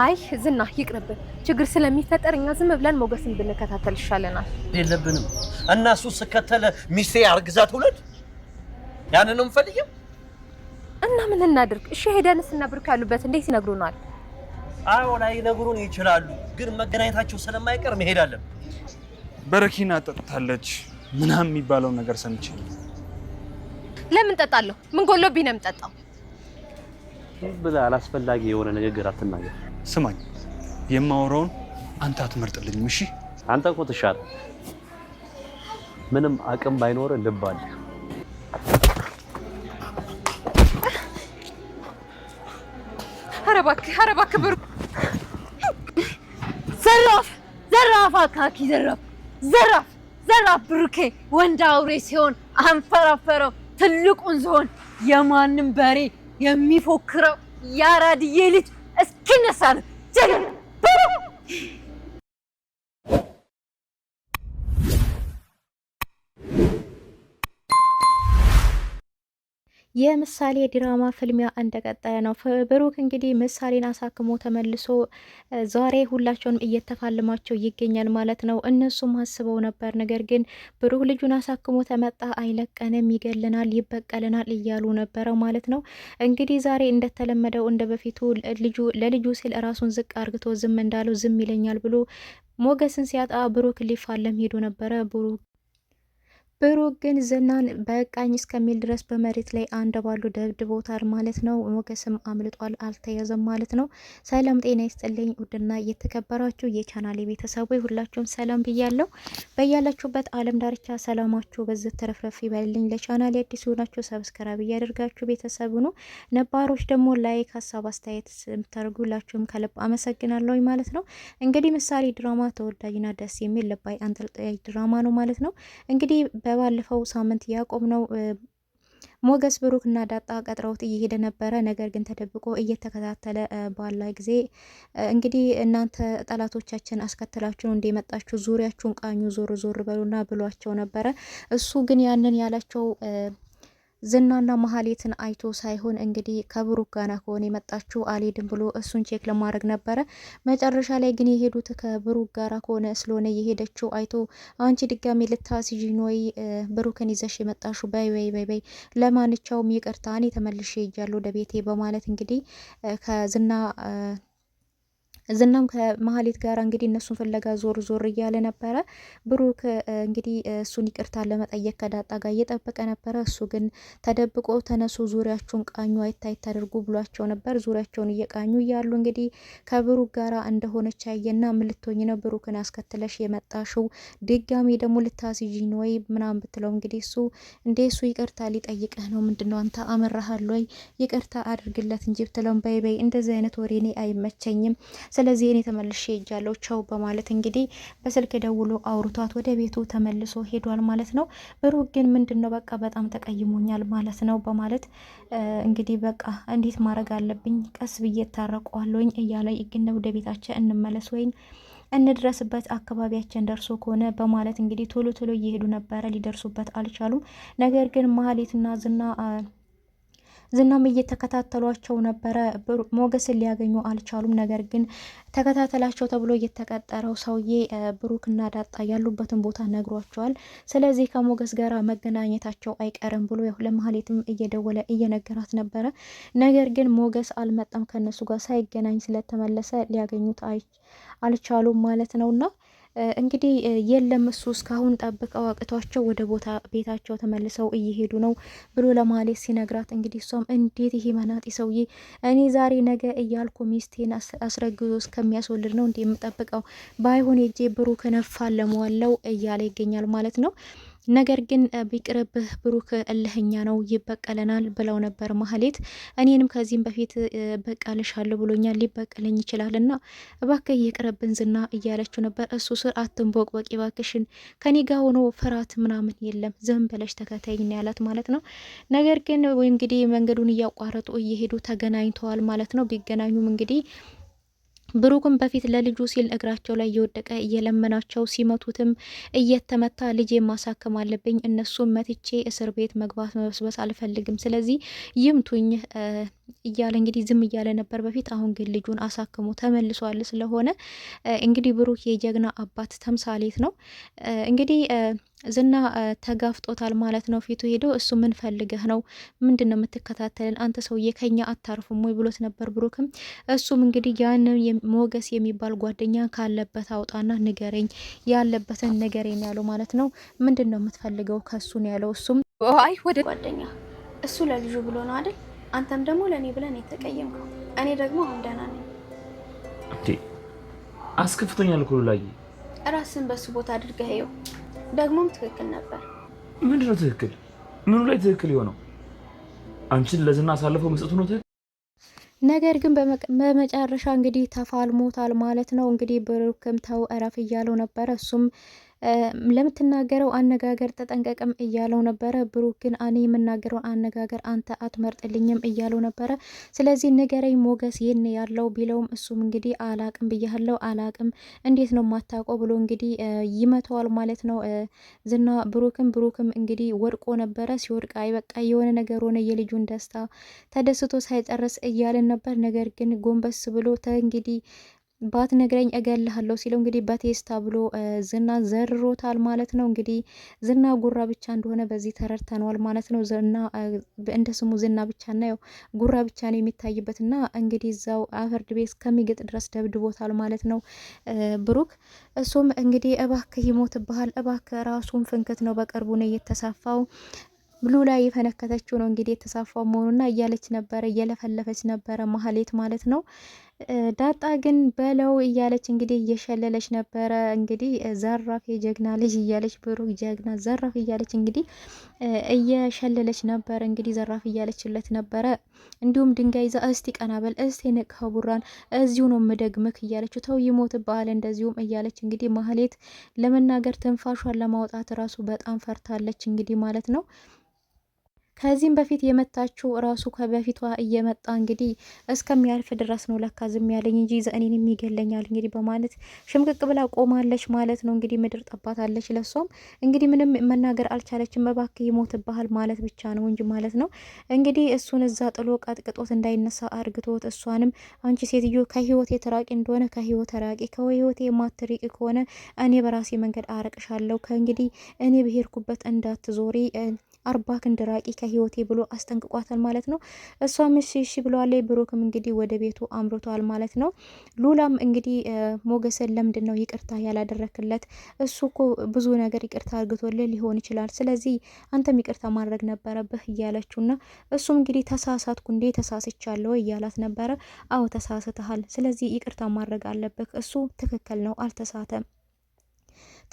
አይ ዝና ይቅርብን። ችግር ስለሚፈጠር እኛ ዝም ብለን ሞገስን ብንከታተል ይሻለናል። የለብንም እና እሱ ስከተለ ሚስቴ አርግዛ ትውለድ። ያንን ነው እና ምን እናድርግ? እሺ ሄደንስ እና ብሩክ ያሉበት እንዴት ይነግሩናል? አዎ ላይ ነግሩን ይችላሉ፣ ግን መገናኘታቸው ስለማይቀር መሄድ አለን። በረኪና ጠጥታለች ምናምን የሚባለው ነገር ሰምቼ ለምን ጠጣለሁ? ምን ጎሎብኝ ነው የምጠጣው ብላ አላስፈላጊ የሆነ ንግግር አትናገር። ስማኝ፣ የማወራውን አንተ አትመርጥልኝም። እሺ፣ አንተ እኮ ትሻል። ምንም አቅም ባይኖር ልብ አለ። ኧረ እባክህ፣ ኧረ እባክህ ብሩ ዘራፍ፣ ዘራፍ፣ አካኪ ዘራፍ፣ ዘራፍ፣ ዘራፍ። ብሩኬ ወንድ አውሬ ሲሆን አንፈራፈረው ትልቁን ዝሆን የማንም በሬ የሚፎክረው ያራድዬ ልጅ తినేస్తాను చెయ్యండి የምሳሌ ድራማ ፍልሚያ እንደቀጠለ ነው። ብሩክ እንግዲህ ምሳሌን አሳክሞ ተመልሶ ዛሬ ሁላቸውንም እየተፋለማቸው ይገኛል ማለት ነው። እነሱም አስበው ነበር። ነገር ግን ብሩክ ልጁን አሳክሞ ተመጣ አይለቀንም፣ ይገልናል፣ ይበቀልናል እያሉ ነበረ ማለት ነው። እንግዲህ ዛሬ እንደተለመደው እንደ በፊቱ ልጁ ለልጁ ሲል ራሱን ዝቅ አርግቶ ዝም እንዳለው ዝም ይለኛል ብሎ ሞገስን ሲያጣ ብሩክ ሊፋለም ሄዶ ነበረ። ብሩክ ብሩክ ግን ዝናን በቃኝ እስከሚል ድረስ በመሬት ላይ አንድ ባሉ ደብድቦታል ማለት ነው። ሞገስም አምልጧል፣ አልተያዘም ማለት ነው። ሰላም ጤና ይስጥልኝ ውድና እየተከበራችሁ የቻናሌ ቤተሰቦች ሁላችሁም ሰላም ብያለሁ። በያላችሁበት አለም ዳርቻ ሰላማችሁ በዝት ተረፍረፍ ይበልልኝ። ለቻናሌ አዲስ ሆናችሁ ሰብስክራይብ እያደርጋችሁ ቤተሰብ ሁኑ። ነባሮች ደግሞ ላይክ፣ ሀሳብ አስተያየት የምታደርጉላችሁም ከልብ አመሰግናለሁኝ ማለት ነው። እንግዲህ ምሳሌ ድራማ ተወዳጅና ደስ የሚል ልባይ አንጠልጣይ ድራማ ነው ማለት ነው እንግዲህ በባለፈው ሳምንት ነው ሞገስ ብሩክ እና ዳጣ ቀጥረውት እየሄደ ነበረ። ነገር ግን ተደብቆ እየተከታተለ ባላ ጊዜ እንግዲህ እናንተ ጠላቶቻችን አስከትላችሁ እንደመጣችሁ ዙሪያችሁን ቃኙ፣ ዞር ዞር በሉና ብሏቸው ነበረ። እሱ ግን ያንን ያላቸው ዝናና መሀሌትን አይቶ ሳይሆን እንግዲህ ከብሩክ ጋና ከሆነ የመጣችው አልሄድም ብሎ እሱን ቼክ ለማድረግ ነበረ። መጨረሻ ላይ ግን የሄዱት ከብሩክ ጋራ ከሆነ ስለሆነ የሄደችው አይቶ አንቺ ድጋሚ ልታስይዥኝ ወይ ብሩክን ይዘሽ የመጣሹ በይ በይ በይ በይ፣ ለማንቻውም ይቅርታ እኔ ተመልሼ ሄጃለሁ ወደ ቤቴ በማለት እንግዲህ ከዝና ዝናም ከመሀሌት ጋር እንግዲህ እነሱን ፍለጋ ዞር ዞር እያለ ነበረ። ብሩክ እንግዲህ እሱን ይቅርታ ለመጠየቅ ከዳጣ ጋር እየጠበቀ ነበረ። እሱ ግን ተደብቆ ተነሱ፣ ዙሪያቸውን ቃኙ፣ አይታይ ተደርጉ ብሏቸው ነበር። ዙሪያቸውን እየቃኙ እያሉ እንግዲህ ከብሩክ ጋራ እንደሆነች ያየና ምልቶኝ ነው ብሩክን አስከትለሽ የመጣሽው ድጋሚ ደግሞ ልታስይዥኝ ወይ ምናምን ብትለው እንግዲህ እሱ እንዴ እሱ ይቅርታ ሊጠይቅህ ነው ምንድነው አንተ አመራሃል ወይ ይቅርታ አድርግለት እንጂ ብትለውም በይ በይ እንደዚህ አይነት ወሬኔ አይመቸኝም ስለዚህ እኔ ተመልሼ ሄጃለሁ ቸው በማለት እንግዲህ በስልክ ደውሎ አውርቷት ወደ ቤቱ ተመልሶ ሄዷል ማለት ነው። ብሩክ ግን ምንድን ነው በቃ በጣም ተቀይሞኛል ማለት ነው በማለት እንግዲህ በቃ እንዴት ማድረግ አለብኝ ቀስ ብዬ ታረቀዋለሁኝ እያለ ይግነ ወደ ቤታችን እንመለስ ወይም እንድረስበት አካባቢያችን ደርሶ ከሆነ በማለት እንግዲህ ቶሎ ቶሎ እየሄዱ ነበረ። ሊደርሱበት አልቻሉም። ነገር ግን ማህሌትና ዝና ዝናም እየተከታተሏቸው ነበረ። ሞገስን ሊያገኙ አልቻሉም። ነገር ግን ተከታተላቸው ተብሎ የተቀጠረው ሰውዬ እና ዳጣ ያሉበትን ቦታ ነግሯቸዋል። ስለዚህ ከሞገስ ጋር መገናኘታቸው አይቀርም ብሎ ለመሀሌትም እየደወለ እየነገራት ነበረ። ነገር ግን ሞገስ አልመጣም ከነሱ ጋር ሳይገናኝ ስለተመለሰ ሊያገኙት አልቻሉም ማለት ነውና እንግዲህ የለም እሱ እስካሁን ጠብቀው አቅቷቸው ወደ ቦታ ቤታቸው ተመልሰው እየሄዱ ነው ብሎ ለማሌት ሲነግራት እንግዲህ እሷም እንዴት ይሄ መናጢ ሰውዬ እኔ ዛሬ ነገ እያልኩ ሚስቴን አስረግዞ እስከሚያስወልድ ነው እንዲህ የምጠብቀው፣ ባይሆን የጄ ብሩ ከነፋ ለመዋለው እያለ ይገኛል ማለት ነው። ነገር ግን ቢቅርብህ ብሩክ እልህኛ ነው ይበቀለናል ብለው ነበር ማህሌት። እኔንም ከዚህም በፊት በቀልሻለሁ ብሎኛል ሊበቀለኝ ይችላልና እባክህ ይቅርብን ዝና እያለችው ነበር። እሱ ስር አትንቦቅቦቂ እባክሽን፣ ከኔ ጋ ሆኖ ፍርሃት ምናምን የለም ዝም ብለሽ ተከታይኝ ያላት ማለት ነው። ነገር ግን እንግዲህ መንገዱን እያቋረጡ እየሄዱ ተገናኝተዋል ማለት ነው። ቢገናኙም እንግዲህ ብሩክም በፊት ለልጁ ሲል እግራቸው ላይ እየወደቀ እየለመናቸው ሲመቱትም እየተመታ ልጄ ማሳከም አለብኝ፣ እነሱም መትቼ እስር ቤት መግባት መበስበስ አልፈልግም፣ ስለዚህ ይምቱኝ እያለ እንግዲህ ዝም እያለ ነበር በፊት። አሁን ግን ልጁን አሳክሞ ተመልሷል። ስለሆነ እንግዲህ ብሩክ የጀግና አባት ተምሳሌት ነው እንግዲህ ዝና ተጋፍጦታል ማለት ነው። ፊቱ ሄዶ እሱ ምን ፈልገህ ነው? ምንድን ነው የምትከታተልን? አንተ ሰውዬ ከኛ አታርፉም ወይ ብሎት ነበር ብሩክም። እሱም እንግዲህ ያንን ሞገስ የሚባል ጓደኛ ካለበት አውጣና ንገረኝ፣ ያለበትን ንገረኝ ያለው ማለት ነው። ምንድን ነው የምትፈልገው ከእሱ ያለው። እሱም አይ ወደ ጓደኛ እሱ ለልጁ ብሎ ነው አይደል አንተም ደግሞ ለእኔ ብለን የተቀየምከው፣ እኔ ደግሞ አሁን ደህና ነኝ። እንዴ አስከፍቶኛል እኮ ላይ ራስን በሱ ቦታ አድርገህ ይኸው። ደግሞም ትክክል ነበር። ምንድን ነው ትክክል? ምኑ ላይ ትክክል የሆነው? አንቺን ለዝና አሳልፈው መስጠቱ ነው ትክክል። ነገር ግን በመጨረሻ እንግዲህ ተፋልሞታል ማለት ነው። እንግዲህ ብሩክም ተው እረፍ እያለው ነበረ እሱም ለምትናገረው አነጋገር ተጠንቀቅም እያለው ነበረ። ብሩክ ግን እኔ የምናገረውን አነጋገር አንተ አትመርጥልኝም እያለው ነበረ። ስለዚህ ንገረኝ ሞገስ ይህን ያለው ቢለውም እሱም እንግዲህ አላቅም ብያለው አላቅም እንዴት ነው ማታቆ ብሎ እንግዲህ ይመተዋል ማለት ነው ዝና ብሩክም ብሩክም እንግዲህ ወድቆ ነበረ። ሲወድቅ አይበቃ የሆነ ነገር ሆነ የልጁን ደስታ ተደስቶ ሳይጨርስ እያለን ነበር። ነገር ግን ጎንበስ ብሎ እንግዲህ ባት ነግረኝ እገልሃለሁ ሲለው እንግዲህ በቴስታ ብሎ ዝና ዘርሮታል ማለት ነው። እንግዲህ ዝና ጉራ ብቻ እንደሆነ በዚህ ተረድተነዋል ማለት ነው። ዝና እንደ ስሙ ዝና ብቻ ብቻና ያው ጉራ ብቻ ነው የሚታይበትና እንግዲህ እዛው አፈርድ ቤት እስከሚግጥ ድረስ ደብድቦታል ማለት ነው። ብሩክ እሱም እንግዲህ እባክህ ይሞትብሃል፣ እባክህ ራሱን ፍንክት ነው በቅርቡ ነው የተሳፋው ብሉ ላይ የፈነከተችው ነው እንግዲህ የተሳፋው መሆኑና እያለች ነበረ እየለፈለፈች ነበረ ማህሌት ማለት ነው። ዳጣ ግን በለው እያለች እንግዲህ እየሸለለች ነበረ። እንግዲህ ዘራፍ የጀግና ልጅ እያለች ብሩክ ጀግና ዘራፍ እያለች እንግዲህ እየሸለለች ነበረ። እንግዲህ ዘራፍ እያለችለት ነበረ። እንዲሁም ድንጋይ ይዛ እስቲ ቀናበል እስቲ ንቅኸው ቡራን እዚሁ ነው ምደግምክ እያለችው ተው ይሞት ይሞትብሃል፣ እንደዚሁም እያለች እንግዲህ ማህሌት ለመናገር ትንፋሿን ለማውጣት ራሱ በጣም ፈርታለች እንግዲህ ማለት ነው። ከዚህም በፊት የመታችው ራሱ ከበፊቷ እየመጣ እንግዲህ እስከሚያልፍ ድረስ ነው ለካ ዝም ያለኝ እንጂ ዘእኔን የሚገለኛል እንግዲህ በማለት ሽምቅቅ ብላ ቆማለች ማለት ነው። እንግዲህ ምድር ጠባታለች። ለሷም እንግዲህ ምንም መናገር አልቻለችም። እባክህ ይሞትብሃል ማለት ብቻ ነው እንጂ ማለት ነው እንግዲህ እሱን እዛ ጥሎ ቀጥቅጦት እንዳይነሳ አርግቶት እሷንም አንቺ ሴትዮ ከህይወት የተራቂ እንደሆነ ከህይወት ተራቂ ከህይወት የማትሪቅ ከሆነ እኔ በራሴ መንገድ አረቅሻለሁ ከእንግዲህ እኔ ብሄርኩበት እንዳትዞሪ አርባ ክንድ ራቂ ከህይወቴ ብሎ አስጠንቅቋታል ማለት ነው። እሷም እሺ እሺ ብለዋል። ብሩክም እንግዲህ ወደ ቤቱ አምርቷል ማለት ነው። ሉላም እንግዲህ ሞገስን ለምንድን ነው ይቅርታ ያላደረክለት? እሱ እኮ ብዙ ነገር ይቅርታ አድርግቶልህ ሊሆን ይችላል። ስለዚህ አንተም ይቅርታ ማድረግ ነበረብህ እያለችው ና እሱም እንግዲህ ተሳሳትኩ እንዴ ተሳስቻለሁ እያላት ነበረ። አዎ ተሳስተሃል። ስለዚህ ይቅርታ ማድረግ አለብህ። እሱ ትክክል ነው፣ አልተሳተም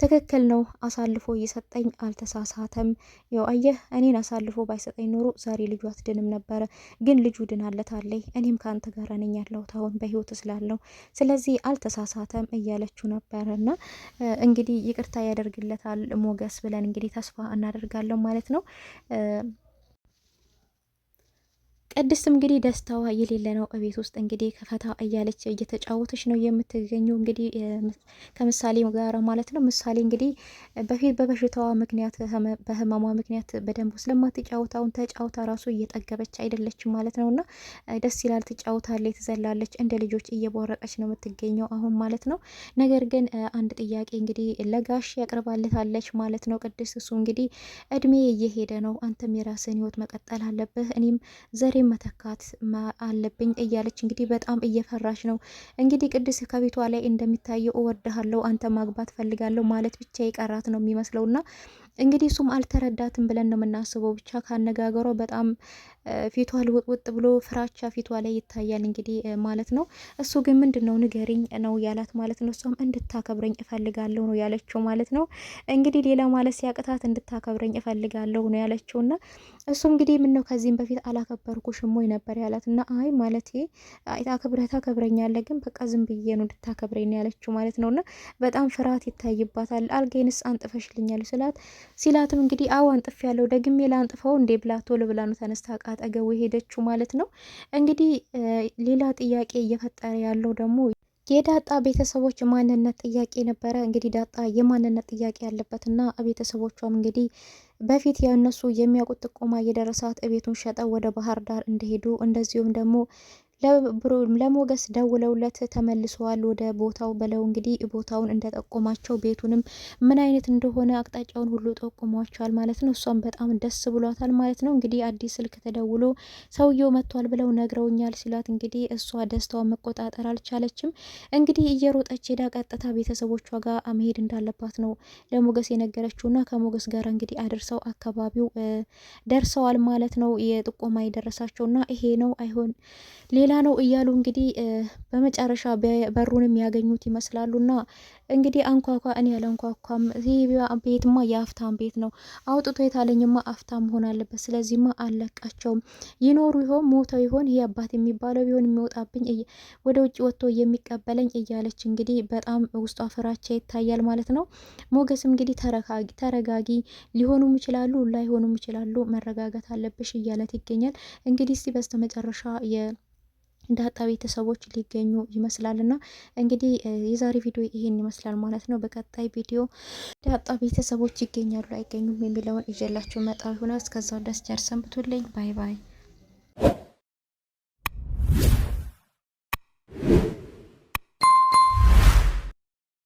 ትክክል ነው፣ አሳልፎ እየሰጠኝ አልተሳሳተም። ያው አየህ እኔን አሳልፎ ባይሰጠኝ ኖሮ ዛሬ ልጁ አትድንም ነበረ። ግን ልጁ ድናለታለይ። እኔም ከአንተ ጋር ነኝ ያለሁት አሁን በህይወት ስላለው፣ ስለዚህ አልተሳሳተም እያለችው ነበረ። እና እንግዲህ ይቅርታ ያደርግለታል ሞገስ ብለን እንግዲህ ተስፋ እናደርጋለን ማለት ነው። ቅድስት እንግዲህ ደስታዋ የሌለ ነው። እቤት ውስጥ እንግዲህ ከፈታ እያለች እየተጫወተች ነው የምትገኘው እንግዲህ ከምሳሌ ጋር ማለት ነው። ምሳሌ እንግዲህ በፊት በበሽታዋ ምክንያት በህመሟ ምክንያት በደንብ ስለማትጫወት አሁን ተጫውታ ራሱ እየጠገበች አይደለችም ማለት ነው። እና ደስ ይላል፣ ትጫወታለች፣ ትዘላለች፣ እንደ ልጆች እየቦረቀች ነው የምትገኘው አሁን ማለት ነው። ነገር ግን አንድ ጥያቄ እንግዲህ ለጋሽ ያቅርባልታለች ማለት ነው። ቅድስት እሱ እንግዲህ እድሜ እየሄደ ነው፣ አንተም የራስህን ህይወት መቀጠል አለብህ፣ እኔም ዘሬ ይህን መተካት አለብኝ እያለች እንግዲህ በጣም እየፈራች ነው። እንግዲህ ቅድስት ከቤቷ ላይ እንደሚታየው እወድሃለሁ፣ አንተ ማግባት ፈልጋለሁ ማለት ብቻ የቀራት ነው የሚመስለውና እንግዲህ እሱም አልተረዳትም ብለን ነው የምናስበው። ብቻ ካነጋገሯ በጣም ፊቷ ልውጥውጥ ብሎ ፍራቻ ፊቷ ላይ ይታያል እንግዲህ ማለት ነው። እሱ ግን ምንድን ነው ንገሪኝ ነው ያላት ማለት ነው። እሷም እንድታከብረኝ እፈልጋለሁ ነው ያለችው ማለት ነው። እንግዲህ ሌላ ማለት ሲያቅታት እንድታከብረኝ እፈልጋለሁ ነው ያለችው እና እሱ እንግዲህ ምን ነው ከዚህም በፊት አላከበርኩሽም ወይ ነበር ያላት እና አይ ማለት ታከብረህ ታከብረኛለህ ግን በቃ ዝም ብዬ ነው እንድታከብረኝ ነው ያለችው ማለት ነው። እና በጣም ፍርሃት ይታይባታል። አልጋዬንስ አንጥፈሽልኛል ስላት ሲላትም እንግዲህ አዎ አንጥፍ ያለው ደግሜ ላንጥፈው እንዴ ብላ ቶሎ ብላ ነው ተነስታ አጠገቡ የሄደችው ማለት ነው። እንግዲህ ሌላ ጥያቄ እየፈጠረ ያለው ደግሞ የዳጣ ቤተሰቦች ማንነት ጥያቄ ነበረ። እንግዲህ ዳጣ የማንነት ጥያቄ ያለበትና ቤተሰቦቿም እንግዲህ በፊት የእነሱ የሚያውቁት ጥቆማ እየደረሳት እቤቱን ሸጠው ወደ ባህር ዳር እንደሄዱ እንደዚሁም ደግሞ ለሞገስ ደውለውለት ተመልሰዋል ወደ ቦታው ብለው እንግዲህ ቦታውን እንደጠቆማቸው ቤቱንም ምን አይነት እንደሆነ አቅጣጫውን ሁሉ ጠቁሟቸዋል ማለት ነው። እሷም በጣም ደስ ብሏታል ማለት ነው። እንግዲህ አዲስ ስልክ ተደውሎ ሰውየው መጥቷል ብለው ነግረውኛል ሲሏት እንግዲህ እሷ ደስታዋን መቆጣጠር አልቻለችም። እንግዲህ እየሮጠች ሄዳ ቀጥታ ቤተሰቦቿ ጋር መሄድ እንዳለባት ነው ለሞገስ የነገረችውና ከሞገስ ጋር እንግዲህ አድርሰው አካባቢው ደርሰዋል ማለት ነው። የጥቆማ የደረሳቸውና ይሄ ነው አይሆን ሌላ ነው እያሉ እንግዲህ በመጨረሻ በሩንም ያገኙት ይመስላሉና እንግዲህ አንኳኳ። እኔ ያለንኳኳም ይህ ቤትማ የአፍታም ቤት ነው፣ አውጥቶ የታለኝማ አፍታም መሆን አለበት። ስለዚህማ አለቃቸውም ይኖሩ ይሆን ሞተው ይሆን ይህ አባት የሚባለው ቢሆን የሚወጣብኝ ወደ ውጭ ወጥቶ የሚቀበለኝ እያለች እንግዲህ በጣም ውስጧ ፍራቻ ይታያል ማለት ነው። ሞገስም እንግዲህ ተረጋጊ፣ ሊሆኑም ይችላሉ ላይሆኑም ይችላሉ፣ መረጋጋት አለብሽ እያለት ይገኛል እንግዲህ እስቲ በስተመጨረሻ ዳጣ ቤተሰቦች ሊገኙ ይመስላል እና እንግዲህ የዛሬ ቪዲዮ ይሄን ይመስላል ማለት ነው። በቀጣይ ቪዲዮ ዳጣ ቤተሰቦች ይገኛሉ አይገኙም የሚለውን ይዤላችሁ መጣ ሆነ። እስከዛው ደስ ቸር ሰንብቱልኝ። ባይ ባይ።